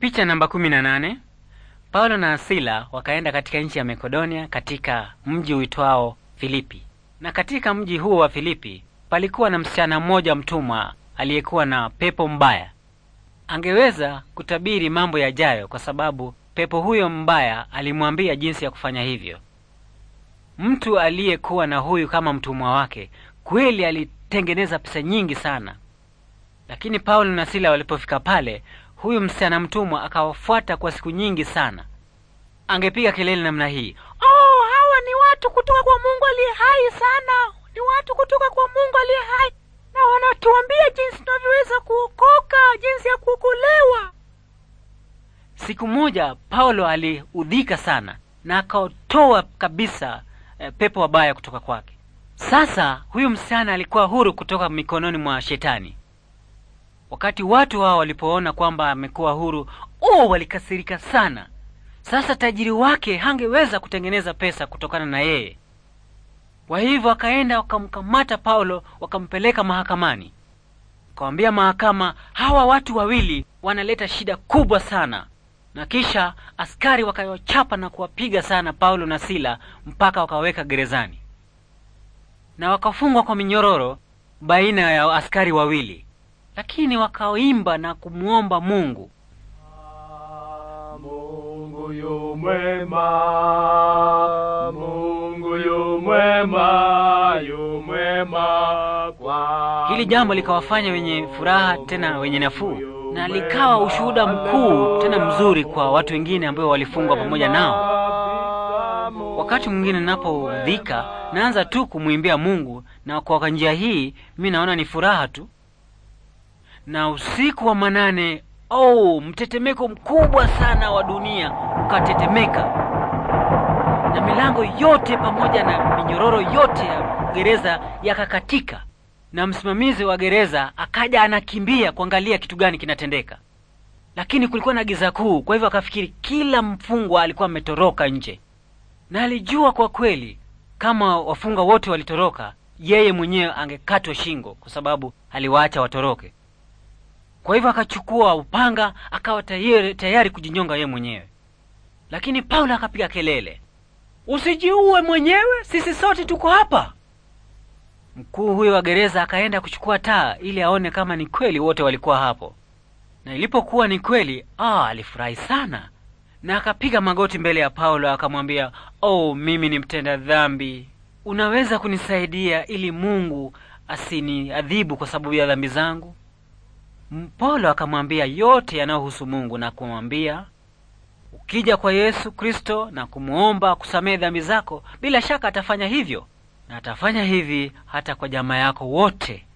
Picha namba 18. Paulo na sila wakaenda katika nchi ya Makedonia katika mji uitwao Filipi. Na katika mji huo wa Filipi palikuwa na msichana mmoja mtumwa aliyekuwa na pepo mbaya. Angeweza kutabiri mambo yajayo kwa sababu pepo huyo mbaya alimwambia jinsi ya kufanya hivyo. Mtu aliyekuwa na huyu kama mtumwa wake kweli alitengeneza pesa nyingi sana. Lakini Paulo na Sila walipofika pale Huyu msichana mtumwa akawafuata kwa siku nyingi sana. Angepiga kelele namna hii, oh, hawa ni watu kutoka kwa Mungu aliye hai sana, ni watu kutoka kwa Mungu aliye hai, na wanatuambia jinsi tunavyoweza kuokoka, jinsi ya kuokolewa. Siku moja Paulo aliudhika sana na akaotoa kabisa eh, pepo wabaya kutoka kwake. Sasa huyu msichana alikuwa huru kutoka mikononi mwa shetani. Wakati watu hao walipoona kwamba amekuwa huru, oh, walikasirika sana. Sasa tajiri wake hangeweza kutengeneza pesa kutokana na yeye. Kwa hivyo wakaenda wakamkamata Paulo, wakampeleka mahakamani, wakawambia mahakama, hawa watu wawili wanaleta shida kubwa sana. Na kisha askari wakawachapa na kuwapiga sana Paulo na Sila mpaka wakaweka gerezani na wakafungwa kwa minyororo baina ya askari wawili lakini wakaimba na kumwomba Mungu. Mungu yu mwema, Mungu yu mwema, yu mwema kwa. Hili jambo likawafanya wenye furaha tena wenye nafuu, na likawa ushuhuda mkuu tena mzuri kwa watu wengine ambao walifungwa pamoja nao. Wakati mwingine ninapodhika, naanza tu kumwimbia Mungu, na kwa njia hii mi naona ni furaha tu na usiku wa manane, oh, mtetemeko mkubwa sana wa dunia ukatetemeka, na milango yote pamoja na minyororo yote ya gereza yakakatika, na msimamizi wa gereza akaja anakimbia kuangalia kitu gani kinatendeka, lakini kulikuwa na giza kuu. Kwa hivyo akafikiri kila mfungwa alikuwa ametoroka nje, na alijua kwa kweli kama wafungwa wote walitoroka, yeye mwenyewe angekatwa shingo, kwa sababu aliwaacha watoroke. Kwa hivyo akachukua upanga akawa tayari, tayari kujinyonga yeye mwenyewe, lakini Paulo akapiga kelele, usijiue mwenyewe, sisi sote tuko hapa. Mkuu huyo wa gereza akaenda kuchukua taa ili aone kama ni kweli wote walikuwa hapo, na ilipokuwa ni kweli, ah, alifurahi sana na akapiga magoti mbele ya Paulo akamwambia, oh, mimi ni mtenda dhambi, unaweza kunisaidia ili Mungu asiniadhibu kwa sababu ya dhambi zangu? Paulo akamwambia yote yanayohusu Mungu na kumwambia, ukija kwa Yesu Kristo na kumwomba kusamehe dhambi zako, bila shaka atafanya hivyo, na atafanya hivi hata kwa jamaa yako wote.